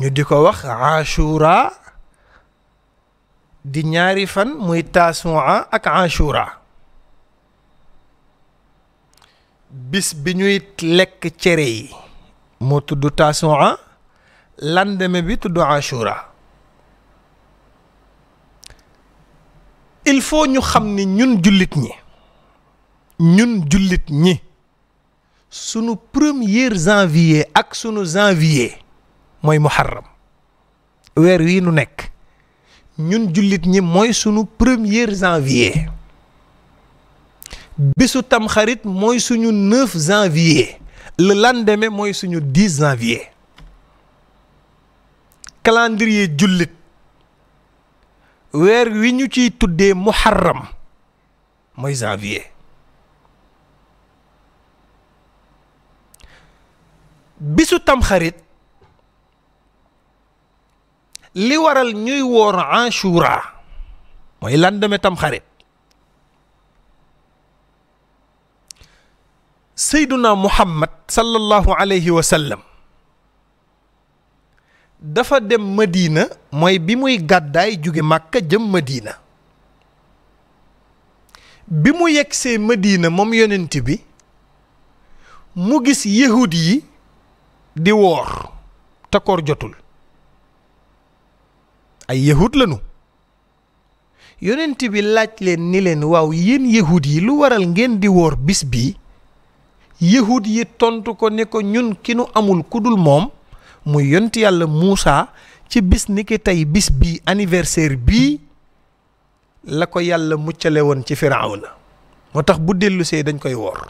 ñu di ko wax ashura di ñaari fan muy taasuwa ak ashura bis bi ñuy lekk cere yi moo tudd taasuwa lendemain bi tudd ashura il faut ñu xam ni ñun jullit ñi ñun jullit ñi sunu premier janvier ak sunu janvier mooy muharram weer wii nu nekk ñun jullit ñi mooy sunu premier janvier bésu tamxarit mooy suñu neuf janvier le lendemain mooy suñu dix janvier calendrier jullit weer wi ñu ciy tuddee muharram mooy janvier bisu tamxarit li waral ñuy woor Ashura mooy lendemain Tamxarit Seyduna Muhammad sallallahu alayhi wa sallam dafa dem Madina mooy bi muy gàddaay jóge Màkka jëm Madina bi mu yegsee Madina moom yonent bi mu gis yahud yi di woor te koor jotul ay yahud lañu yonent bi laaj leen ni leen waaw yéen yahud yi lu waral ngeen di woor bis bi yahud yi tontu ko ne ko ñun ki nu amul ku dul moom muy yont yàlla Muusa ci bis ni ki tey bis bii anniversaire bii la ko yàlla muccale woon ci Firawna moo tax bu dellu see dañ koy woor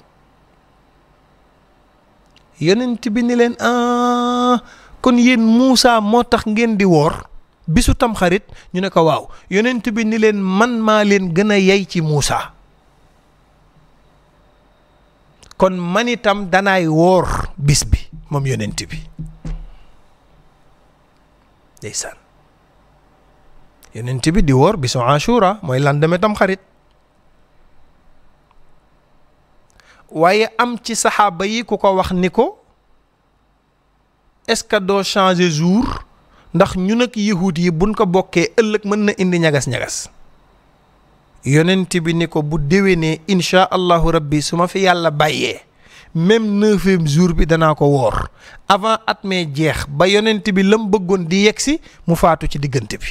yonent bi ni leen ah kon yéen Muusa moo tax ngeen di woor bisu tamxarit ñu ne ko waaw yonent bi ni leen man maa leen gën a yey ci Muusa kon manitam itam danaay woor bis bi moom yonent bi ndeysaan di woor bisu Ashura mooy lendemain tamxarit waaye am ci saxaaba yi ku ko wax ni ko est-ce que doo changer jour ndax ñun ak yahuud yi buñ ko bokkee ëllëg mën na indi ñagas-ñagas yonent bi ni ko bu déwénee incha allahu rabbi su ma fi yàlla bàyyee même neuvième jour bi danaa ko woor avant at mee jeex ba yonent bi lam bëggoon di yegsi mu faatu ci diggante bi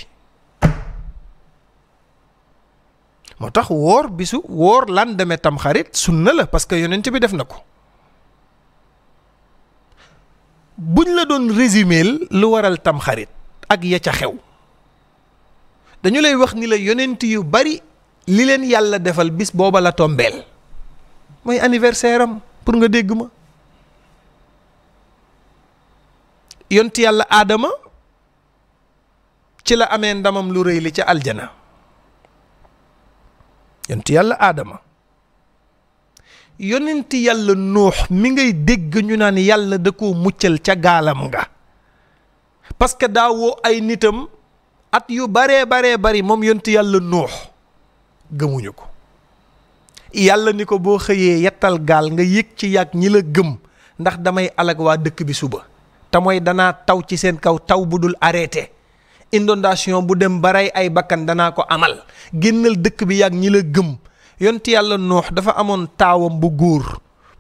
moo tax woor bisu woor lendemain tamxarit sunna la parce que yonent bi def na ko buñ la doon résumer lu waral tamxarit ak ya ca xew dañu lay wax ni la yonent yu bari li leen yàlla defal bis booba la tombeel mooy anniversaire pour nga dégg ma yonent yàlla aadama ci la amee ndamam lu réy li ca aljana yonent yàlla aadama yonent yàlla nuux mi ngay dégg ñu naan yàlla da koo muccal ca gaalam nga parce que daawoo ay nitam at yu baree baree bari moom yonent yàlla nuux gëmuñu ko yàlla ni ko boo xëyee yettal gaal nga yëg ci yàgg ñi la gëm ndax damay alag waa dëkk bi suba te mooy danaa taw ci seen kaw taw bu dul arrêté inondation bu dem baray ay bakkan danaa ko amal génnal dëkk bi yàgg ñi la gëm yonti yàlla noox dafa amoon taawam bu góor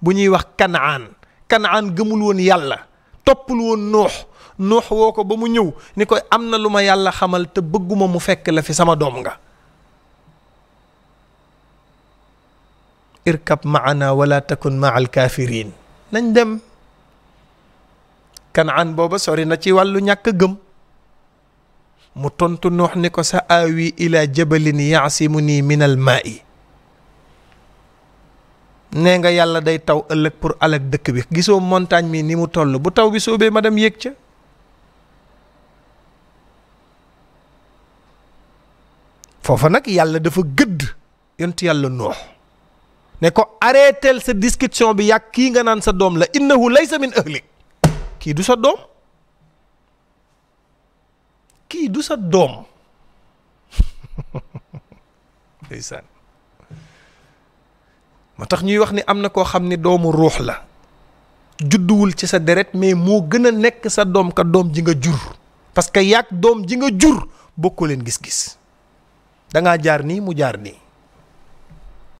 bu ñuy wax kanaan kanaan gëmul woon yàlla toppul woon noox noox woo ko ba mu ñëw ni ko am na lu ma yàlla xamal te bëgguma mu fekk la fi sama doom nga irkab maana wala takun maa alkaafiriin nañ dem kanaan booba sori na ci wàllu ñàkk gëm mu tontu noox ni ko sa aawi ila jabalin yaasimu nii min al nee nga yàlla day taw ëllëg pour alak dëkk bi gisoo montagne mii ni mu toll bu taw bi soobee ma dem yéeg ca foofa nag yàlla dafa gëdd yontu yàlla noox ne ko arrêtel sa discussion bi yàgg kii nga naan sa doom la innahu laysa min ahlik kii du sa doom kii du sa doom ndeysaan moo tax ñuy wax ni am na koo xam ni doomu ruux la judduwul ci sa deret mais moo gën a nekk sa doom ka doom ji nga jur parce que yàgg doom ji nga jur bokkoo leen gis-gis da ngaa jaar nii mu jaar nii